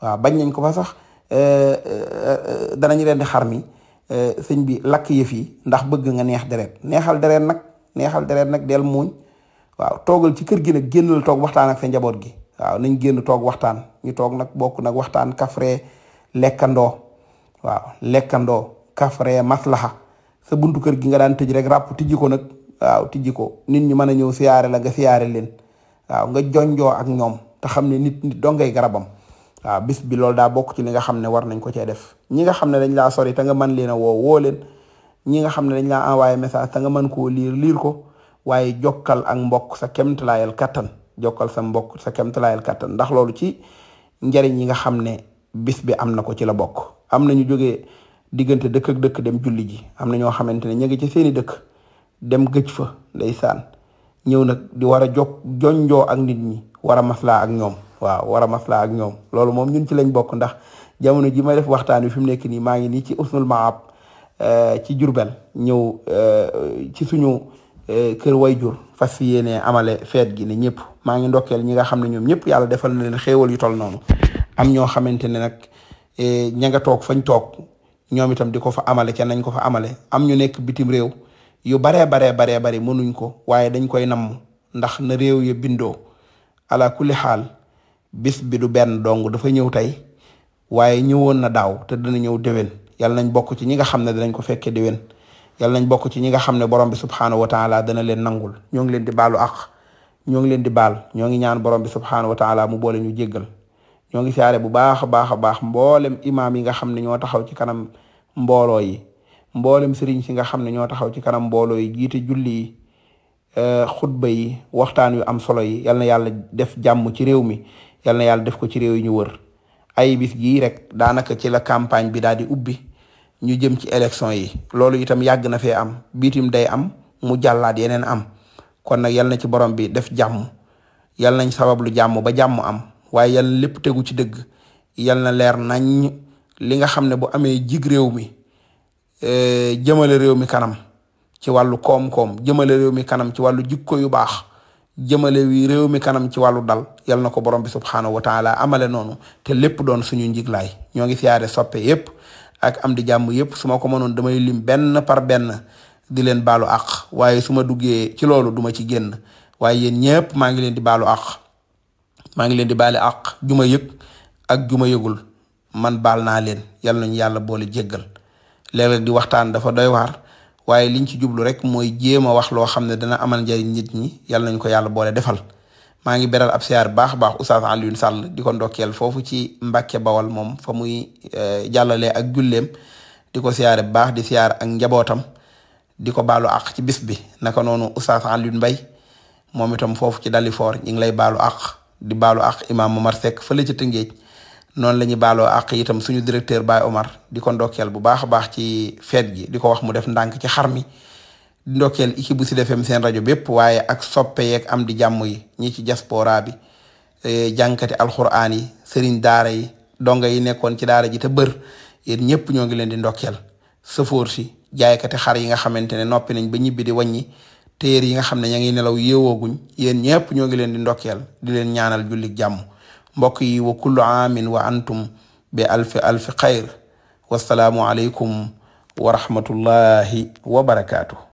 waaw bañ nañ ko fa sax Eh, eh, eh, danañ di xar mi sëñ bi lakk yëf yi ndax bëgg nga neex deret neexal deret nag neexal deret nag del muuñ waaw toogal ci kër gi nag génnal toog waxtaan ak sa njaboot gi waaw génn toog waxtaan ñu toog nag bokk nag waxtaan kafre lekkandoo waaw lekkandoo kafre maslaha sa buntu kër gi nga daan tëj rek ràpp tijji ko nag waaw tijji ko nit ñi mën a ñëw siyaare la nga siyaare leen waaw nga jonjoo ak ñoom te xam ne nit nit dongay garabam waaw bis bi loolu daa bokk ci li nga xam ne war nañ ko cee def ñi nga xam ne dañ laa sori ta nga man leen a woowoo leen ñi nga xam ne dañ laa envoyé message ta nga mën koo liir liir ko waaye jokkal ak mbokk sa kemtalaayal kattan jokkal sa mbokk sa kemtalaayal kattan ndax loolu ci njariñ yi nga xam ne bis bi am na ko ci la bokk am na ñu jógee diggante dëkk ak dëkk dem julli ji am na ñoo xamante ne ñu ngi ci seeni dëkk dem gëj fa saan ñëw nag di war a jokk jonjoo ak nit ñi war a maslaa ak ñoom waaw war a maslaa ak ñoom loolu moom ñun ci lañ bokk ndax jamono ji may def waxtaan wi fi mu nekk nii maa ngi nii ci usnul maab eh, ci Jurbel ñëw eh, ci suñu eh, kër way jur fas yéene amale feet gi ne ñëpp maa ngi ndokkeel ñi nga xam ne ñoom ñëpp yàlla defal na leen xéewal yu tol noonu am ñoo xamante ne nag ña nga toog fañ toog ñoom itam di ko fa amale ca nañ ko fa amale am ñu nekk bitim réew yu baree baree baree bari mënuñ ko waaye dañ koy nam ndax na réew ya bindoo ala bis bi du benn dong dafa ñëw tey waaye ñëwoon na daaw te dina ñëw déwén yàlla nañ bokk ci ñi nga xam ne dinañ ko fekkee déwén yàlla nañ bokk ci ñi nga xam ne borom bi subxanahu wa taala dana leen nangul ñoo ngi leen di baalu àq ñoo ngi leen di baal ñoo ngi ñaan borom bi subxanahu wa taala mu boole ñu jéggal ñoo ngi siyaare bu baax a baax a baax mboolem imaam yi nga xam ne ñoo taxaw ci kanam mbooloo yi mboolem sëriñ si nga xam ne ñoo taxaw ci kanam mbooloo yi jiite julli yi eh, xutba waxtaan wi am solo yi yal na yàlla def jàmm ci réew mi yal na yàlla def ko ci réew yi ñu wër ay bis gii rek daanaka ci la campagne bi daal di ubbi ñu jëm ci élection yi loolu itam yàgg na fee am biitim day am mu jàllaat yeneen am kon nag yal na ci borom bi def jàmm yal nañ sabablu jàmm ba jàmm am waaye yal na lépp tegu ci dëgg yal na leer nañ li nga xam ne bu amee jig réew mi e, jëmale réew mi kanam ci wàllu koom-koom jëmale réew mi kanam ci wàllu jikko yu baax jëmale wi réew mi kanam ci wàllu dal yal na ko borom bi subxanahu wa taala amale noonu te lépp doon suñu njiglaay ñoo ngi siyaare soppe yépp ak am di jàmm yépp su ma ko mënoon damay lim benn par benn di leen baalo àq waaye su ma duggee ci loolu duma ci génn waaye yéen ñépp maa ngi leen di baalo àq maa ngi leen di baale àq juma ma yëg ak juma ma yëgul man baal naa leen yal nañu yàlla boole jéggal léeg di waxtaan dafa doy waar. waaye liñ ci jublu rek mooy jéem a wax loo xam ne dana amal njariñ nit ñi yàlla nañ ko yàlla boole defal maa ngi beral ab siyaar baax baax Oustaz Alioune Sall di ko ndokkeel foofu ci Mbàkke Bawal moom fa muy eh, jàllale ak julleem di ko siyaare baax di siyaar ak njabootam di ko baalu àq ci bis bi naka noonu Oustaz Alioune mbay moom itam foofu ci Dalifort ñu ngi lay baalo ak di baalu àq Imam sekk Seck fële ca Tëngéej noonu la ñuy baaloo àq itam suñu directeur Baye Omar diko ko ndokkeel bu baax a baax ci feet gi di ko wax mu def ndànk ci xar mi ndokkeel équipe bu Sud FM seen rajo bépp waaye ak soppe yeeg am di jàmm yi ñi ci diaspora bi e, jànkati alxuraan yi sëriñ daara yi donga yi nekkoon ci daara ji te bër yéen ñëpp ñoo ngi leen di ndokkeel sëfoor si jaaykati xar yi nga xamante ne noppi nañ ba ñibbi di wàññi téer yi nga xam ne ña ngi nelaw yeewooguñ yéen ñëpp ñoo ngi leen di ndokkeel di leen ñaanal julli jàmm mbokk yi wa kullu aamin wa antum bi alfi alfi xayr wasalaamu aleykum wa rahmatullahi wa barakaatu